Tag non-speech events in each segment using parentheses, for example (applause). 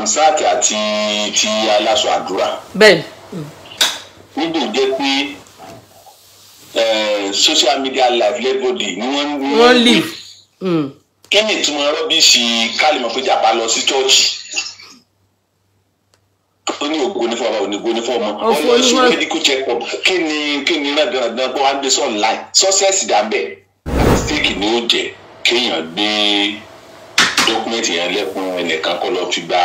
hamsat àti ti aláṣọ àdúrà. bẹ́ẹ̀ni. níbi jẹ́ pé social media live lẹ́gbọ̀dì ni wọ́n ń lò. wọ́n lì. Hmm. kí ni ìtumọ̀ rọ́bìṣì kálímọ̀ pé jàpá lọ sí chọ́ọ̀chì ó ní ògo ní fọwọ́ ògo ní fọwọ́ mọ́ wọ́n lọ sí medical check up kí ni kí ni náà dandan pé wọ́n á gbé sọ́ọ̀nù láì sọ́ọ̀sì dàbẹ̀ àti stéèkì ni ó jẹ kéèyàn gbé dọ́kúmẹ̀ntì yẹn lẹ́kùn ẹnìkan kó lọ fi gba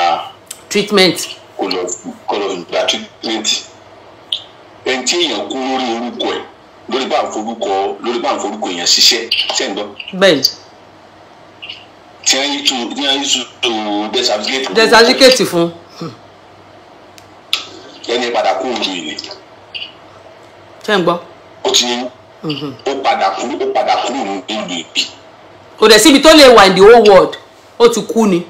treatment kó lọ kó lọ fi gba treatment ẹni èèyàn kú lórí orúkọ ẹ̀ lórí bá ń forúkọ lórí bá ń forúkọ èèyàn ṣiṣẹ́ sẹ́ńdọ́. bẹ́ẹ̀ tí wọ́n yí tu tí wọ́n yí tu desabigate. desabigate fún. ẹni padà kú òdu yìí ni. sẹ́ńgbọ́. ó ti ní mhm. ó padà kú ó padà kú òdu yìí. kò dẹ̀ síbi tó lè wà in the whole world ó ti kú ni.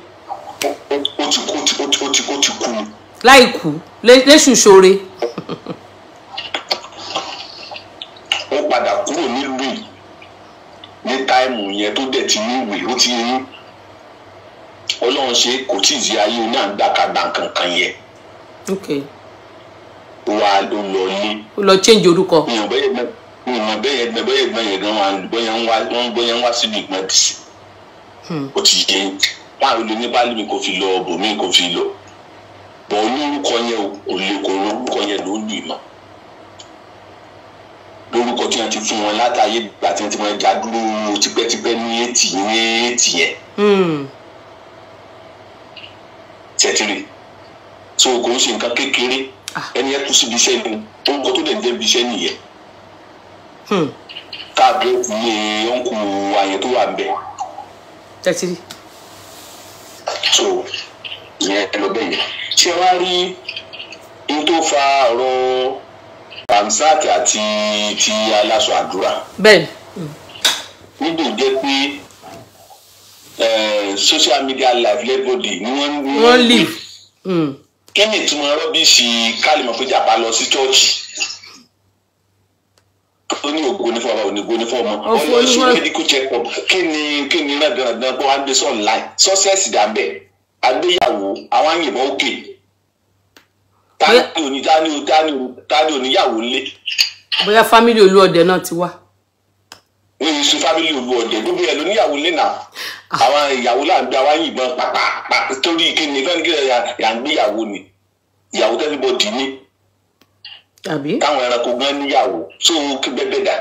ó ti kú ó ti ó ti ó ti kú ni. láì kú léṣù ṣoore. ó padà kúrò nílùú yìí ní táìmù yẹn tó dẹ̀ ti ní ìwé ó ti yẹn ọlọ́run ṣe kò tí ì di ayé oní àgbàkadà kankan yẹn. okay. wà á lọ ní. ó lọ change orúkọ. ìyàn bẹ́ẹ̀ yẹn bẹ́ẹ̀ yẹn bẹ́ẹ̀ yẹn gan bóyá ń wá síbi ìgbọ́n Hmm. ó ti yẹ báwo lè ní báàlì mi kò fi lọ ọbọ mi kò fi lọ bọ olórúkọ yẹn kò lè kó olórúkọ yẹn ló lù ìmọ lórúkọ tí wọn ti fún wọn látàyè ìgbà tí wọn ti máa já dúró tipẹ́tipẹ́ ní ètì ní ètì yẹn hmm. tẹ̀tìrì so kò ń ṣe nǹkan kékeré ah. ẹni ẹ kú síbi iṣẹ́ ni orúkọ tó dẹ̀ ń débi iṣẹ́ nìyẹn hmm. káàbíyèsí ọ̀nkù àyẹ̀ tó wà ń bẹ̀ tẹ́tírì. so ìyẹn ló bẹ̀yẹn ṣé wàá rí n tó fa ọ̀rọ̀ pamsac àti ti aláṣọ àdúrà. bẹ́ẹ̀ni. níbi jẹ́ pé social media live lẹ́bọ̀dì ni wọ́n ń wọ́n lì. Mm. kí ni ìtumọ̀ rọ́bìṣì kálí mọ̀ pé jàpá lọ sí chọ́ọ̀chì ní ògo ní fọwọ́ ògo ní fọwọ́ ọlọ́ ṣe medical check up kí ni kí ni rẹ̀dọ̀rẹ̀dọ̀ kó wá gbé sí sọ́sẹ́sì dàbẹ̀ àgbéyàwó àwọn àyìnbọn òkè tani òní tani òní tani òní tani lé. bóyá fámìlì olúọdẹ náà ti wá. wọ́n yìí sun fámìlì olúọdẹ gbogbo ẹ̀ ló níyàwó lé náà àwọn ìyàwó là ń gbé àwọn àyìnbọn pàpà torí kí ni fẹ́ẹ́ káwọn ẹranko gan níyàwó tó kí bẹ́bẹ̀ dà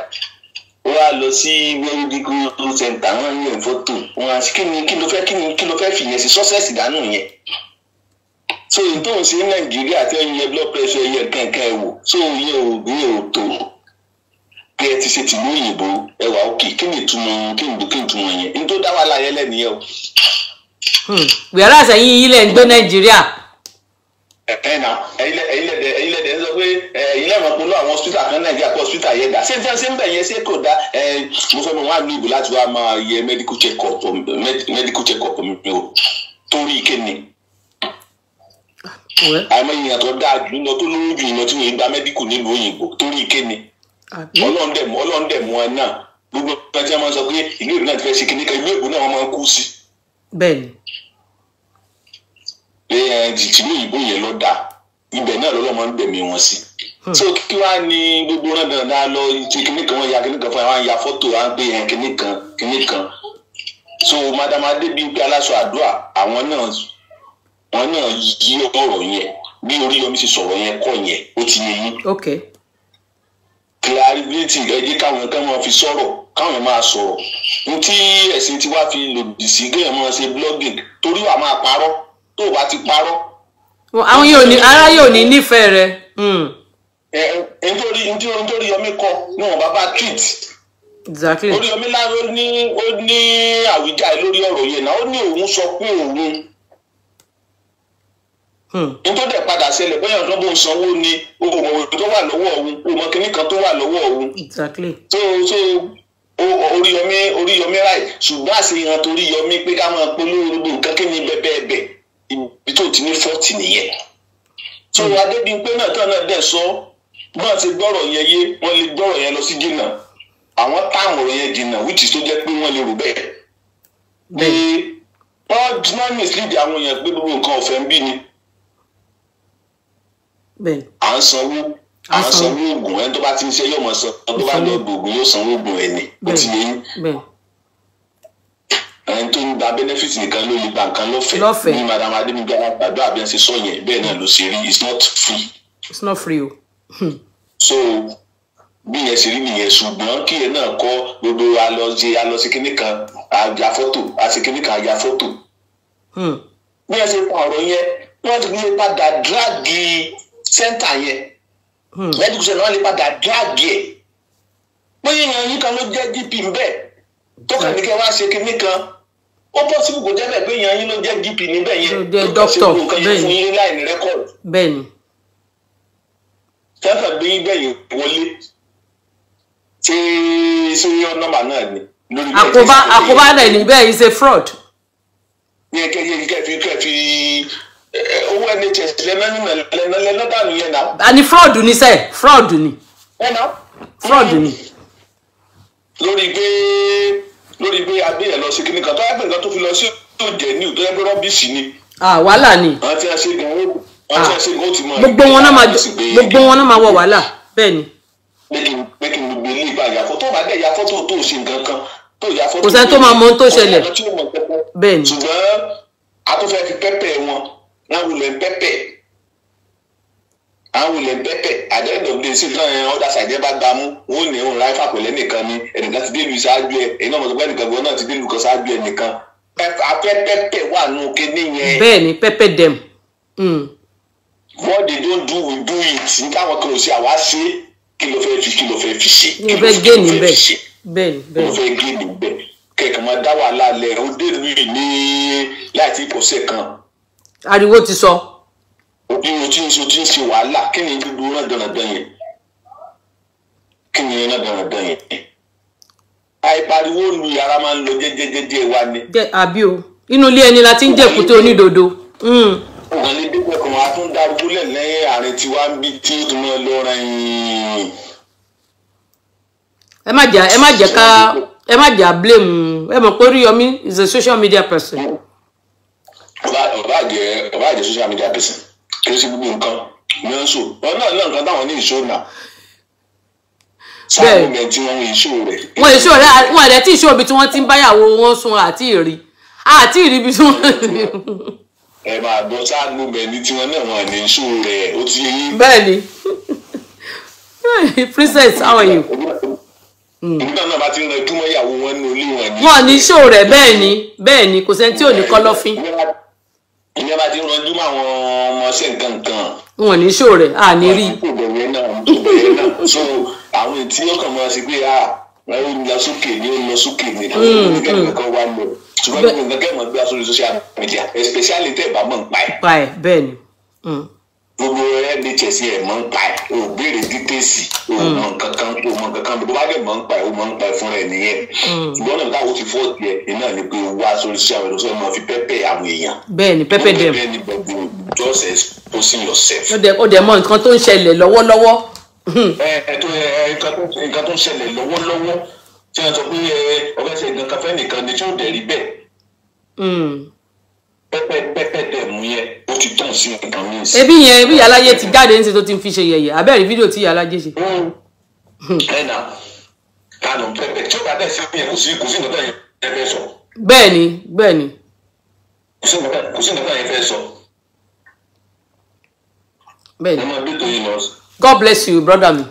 wọ́n á lọ sí medical center wọ́n ń yẹ̀ fọ́tò wọ́n á kí ni kí ló fẹ́ kí ni kí ló fẹ́ fìyẹn sí sọ́sẹ́sì dànù yẹn so tó ń ṣe nàìjíríà tí wọ́n yẹ blood pressure yẹ kankan wò so yẹ ò gbé ò tó bí ẹ ti ṣe tìlú òyìnbó ẹwà òkè kí ni ìtumọ̀ kí ni kí ni ìtumọ̀ yẹn ní tó dá wàhálà yẹn lẹ́nìyẹn o. wíwá àṣẹyìn ilẹ̀ ń gbé nàìjíríà ẹ̀ẹ́nà ẹ̀yìnlẹ̀dẹ̀ ń sọ pé ẹ̀yìn lẹ́wọ̀n pinnu àwọn hospital kan nàìjíríà kó hospital yẹn dá ṣé tí wọ́n ṣe ń bẹ̀ yẹn ṣé kò dá mo fẹ́ mọ wọn àlú ìbò láti wá máa yẹ medical check up medical check up mi o torí kéne. àmọ́ èèyàn tó dáa jù lọ tó lóyún jù lọ tí wọ́n gba medical nílùú òyìnbó torí kéne. ọlọ́run dẹ̀ mọ́ ọlọ́run dẹ̀ mọ́ ẹ náà gbogbo ẹgbẹ́ tí wọ́n máa sọ pé ìlú ìbò náà ti fẹ́ ṣe kíní jìtìlú òyìnbó yẹn ló dáa ibẹ̀ náà lọ́lọ́ máa ń gbẹ̀mí wọn sí. Hmm. so kí wàá ní gbogbo náà dandan lọ ṣe kíní kan wọn ya kíní kan fún ẹ wọn ya fọ́tò wọn gbé yẹn kíní kan kíní kan. so madam adébíyí aláṣọ àdúrà àwọn náà wọn náà yí ọ̀rọ̀ yẹn bí Oríyọmí ṣe sọ̀rọ̀ yẹn kọ́ yẹn ó ti yẹ yín. okay. clarity ẹ jẹ́ káwọn kan máa fi sọ̀rọ̀ káwọn máa sọ̀rọ̀ ní tí ẹ̀sìn tiwa fi lòdì sí kéèyàn máa ṣe blogging torí wàá máa parọ́ tó o bá ti parọ́. àwọn yóò ní ara yóò ní nífẹ̀ẹ́ rẹ. Hmm. nítorí nítorí nítorí Yomi kọ ní wọn bàbá treat. exactly. Oríyọmí láró ní ó ní àwíjàre lórí ọ̀rọ̀ yẹn náà ó ní òun sọ pé òun hmm. nítorí dẹ̀ padà ṣẹlẹ̀ bóyá ọ̀dọ́ bó ń sanwó ni ohun òwe tó wà lọ́wọ́ òun ohun kìíní kan tó wà lọ́wọ́ òun. Exactly. so so Oríyọmí Oríyọmí ráì ṣùgbọ́n àṣeyàn torí Yọmí pé ká máa polówó gbogbo nǹkan kí ni bẹ́ẹ̀ bẹ́ẹ̀ bẹ́ẹ̀ ibi tó ti ní fọ́ọ̀tì nìyẹn tó hmm. adébíyìnpé náà tán náà dẹ̀ sọ bá a ṣe gbọ́rọ̀ yẹn yé wọ́n lè gbọ́rọ̀ yẹn lọ sí jìnnà àwọn táàmù ọ̀rọ̀ yẹn jìnnà is tó jẹ́ pé wọ́n lè rò bẹ́ẹ̀ pé wọ́n máa ń mislead àwọn èèyàn pé gbogbo nǹkan ọ̀fẹ́ ń bí ni à ń sanwó à ń sanwó oògùn ẹni tó bá ti ń ṣe yọ̀mọ̀ san tó bá lọ gbòògùn yóò sanwó oògùn ẹni bó ti yẹ yín ẹni tó ń gba benefit nìkan ló lè gba nǹkan lọ́fẹ̀ẹ́ ní madam adémígbé alágbàdo àbíọ́nsẹ̀ sọ bẹ́ẹ̀ náà ló ṣe rí it's not free. it's not free o. Hmm. so bí yẹn ṣe rí nìyẹn ṣùgbọ́n kí yẹn náà kọ́ gbogbo alọ́jẹ alọ́sí kínní kan àjà fọ́tò àti kínní kan àjà fọ́tò. Hmm. bí yẹn ṣe pa ọ̀rọ̀ yẹn wọ́n ti lè padà dráàgì sẹ́ńtà yẹn hmm. lẹ́dùkú sẹ́ńtà wọ́n lè padà dráàgì ẹ̀ bóyá èèyàn yìí kan ló jẹ́ dp ń bẹ̀ tó kàn ní kí wọ́n ṣe kínní kan ó pọ́sibú kò jẹ́ bẹ́ẹ̀ pé yan yín ló jẹ́ gp níbẹ̀ yẹn ló kàn sí gbogbo nǹkan yẹn fún yín láì ní rẹ́kọ̀dù. bẹ́ẹ̀ni. kẹfà gbé yín bẹ́ẹ̀ yẹn wọlé ṣé serial number náà ni. àkóbá àkóbá rẹ̀ ní bẹ́ẹ̀ is a fraud. yẹ kẹ yẹ kẹ fi kẹ fi owó nhs lẹ́nà lẹ́nà lẹ́nà dànù yẹn náà. àní fraud ni sẹ́ẹ̀ fraud ni. fraud ni. lórí pé lórí pé agbé yẹn lọ sí kíní kan tó yẹ pé nǹkan tó fi lọ sí tó jẹ ní ìtọ́jú pé rọ́bìsì ni. wàhálà ni. àwọn tí a ṣe gan ó àwọn tí a ṣe gan ó ti máa. gbogbo wọn náà máa gbogbo wọn náà máa wọ wàhálà bẹ́ẹ̀ ni. pé kí n gbogbo ilé ìgbà yàfọ́ tó bá dẹ̀ yàfọ́ tó tó ṣe nǹkan kan tó yàfọ́ tó. kò sẹ́ni tó máa mọ ohun tó ṣẹlẹ̀ bẹ́ẹ̀ ni. ṣùgbọ́n a tó fẹ́ fi pẹ́pẹ́ wọn láwùlẹ̀ pẹ́pẹ́ àwòlẹ̀ bẹ́pẹ̀ àdéhùn òbí sí ìdílé ọ̀yàn ọ̀dà bá gbà mú wọn ní òun láì fàpẹ̀lẹ́ nìkan ni ẹnìkan ti délùú ṣáájú ẹ èyí náà mo sọ gbọ́n náà ti délùú kan ṣáájú ẹ nìkan apẹ́pẹ́pẹ́ wà nù kéde yẹn. bẹ́ẹ̀ni pẹpẹ dẹm. Hmm. what they don't do we do it n táwọn kan ò ṣe àwa ṣe kí ló fẹ́ fi kí ló fẹ́ fi ṣe. mo fẹ́ gé ní bẹ́ẹ̀ bẹ́ẹ̀ bẹ́ẹ̀ mo fẹ́ gé ní bẹ́ẹ̀ kẹ̀kẹ́ máa dá wàhálà lẹ̀ ó délùú ní bí o ti ń so ti ń ṣe wàhálà kí ni gbogbo náà dandan yẹn kí ni náà dandan yẹn àìpariwo lu yàrá máa ń lọ jẹjẹjẹjẹ wa ni. àbí o inú ilé ẹni la ti ń jẹ̀kú tó onídodo. Hmm. ọ̀gá ní dípò kan a tún darúgbó lẹ̀ lẹ́yìn àárín tiwa ń bí tí ó tún máa lọ rẹ̀yìn. ẹ má jà ẹ má jà ká ẹ má jà blame ẹ mọ̀ pé Oríyọmí is a social media person. ọba ọba àjẹ ọba àjẹ social media person kí ó sì gbogbo nǹkan ní ń sọ wọn náà náà nǹkan táwọn ní ìṣó náà sáà lómi ẹ tí wọn ń ìṣó rẹ. wọn ìṣó rẹ wọn ẹ̀rẹ́ tí ìṣó ibi tí wọ́n ti ń báyàwó wọn sun àti ìrì àti ìrì ibi tí wọ́n ẹ máa gbọ́ sáà lómi ẹni tí náà wọn ní ìṣó rẹ ó ti yín. bẹ́ẹ̀ni (laughs) princess how are you. nígbà náà bá ti ń rẹ dúmọ́ ìyàwó wọn ní olé wọn. wọn ní ìṣó rẹ bẹ́ẹ̀ ni bẹ́ẹ̀ ni kò sẹ́ni tí ò ní kọ́lọ́fín ìyẹn bá ti ranjú mọ́ àwọn ọmọọṣẹ́ nǹkan kan. wọn ní ṣó rẹ a ní rí. kò bẹ̀rẹ̀ náà kò bẹ̀rẹ̀ náà so àwọn ètí ọkàn máa ṣe pé ah ẹ ń lọ sókè ni ó ń lọ sókè ni mm, kẹ́kọ̀ọ́ mm. wá lọ ṣùgbọ́n nínú nǹkan kẹ́mọ̀ gbé aṣọ social media especially tẹ̀ bá mọ̀ ń pa ẹ̀. pa ẹ̀ bẹ́ẹ̀ ni. Mm. gbogbo nhs ẹ̀ mọ̀ ń pa ẹ̀ o béèrè dítẹ́sì o mọ̀ nǹkan pé o mọ nǹkan kan bí o bá dẹ̀ mọ̀ ń pa o mọ̀ ń pa fúnra ẹ̀ nìyẹn mm. ṣùgbọ́n náà táwọn ti fọ́ọ̀tì ẹ̀ iná ni pé wá sórí social media sọ́ọ́ máa fi pẹ́pẹ́ àwọn èèyàn. bẹ́ẹ̀ni pẹ́pẹ́ dẹ̀ mọ bẹ́ẹ̀ni gbogbo just exposing yourself. ó dẹ̀ mọ nǹkan tó ń ṣẹlẹ̀ lọ́wọ́lọ́wọ́. Hmm. nǹkan tó ń ṣẹlẹ̀ lọ́wọ́lọ́wọ́ tí wọ́n sọ pé ọbẹ̀ ṣe nǹkan kafẹ́ nìkan ni tí ó dẹ̀ rí bẹ́ẹ̀ hmm. pẹpẹ pẹpẹ dẹmu yẹn ó ti tán sí nǹkan mi ẹnà kanu pẹpẹ tí ó bá dẹ̀ sí omi kò sí kò sí yẹn fẹ́ sọ. bẹ́ẹ̀ni bẹ́ẹ̀ni. kò sí yẹn fẹ́ sọ. bẹ́ẹ̀ni. God bless you brother mi.